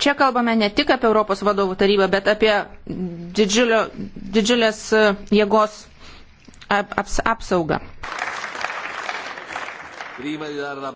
Čia kalbame ne tik apie Europos vadovų tarybą, bet apie didžiulio, didžiulės e, jėgos ap, aps, apsaugą.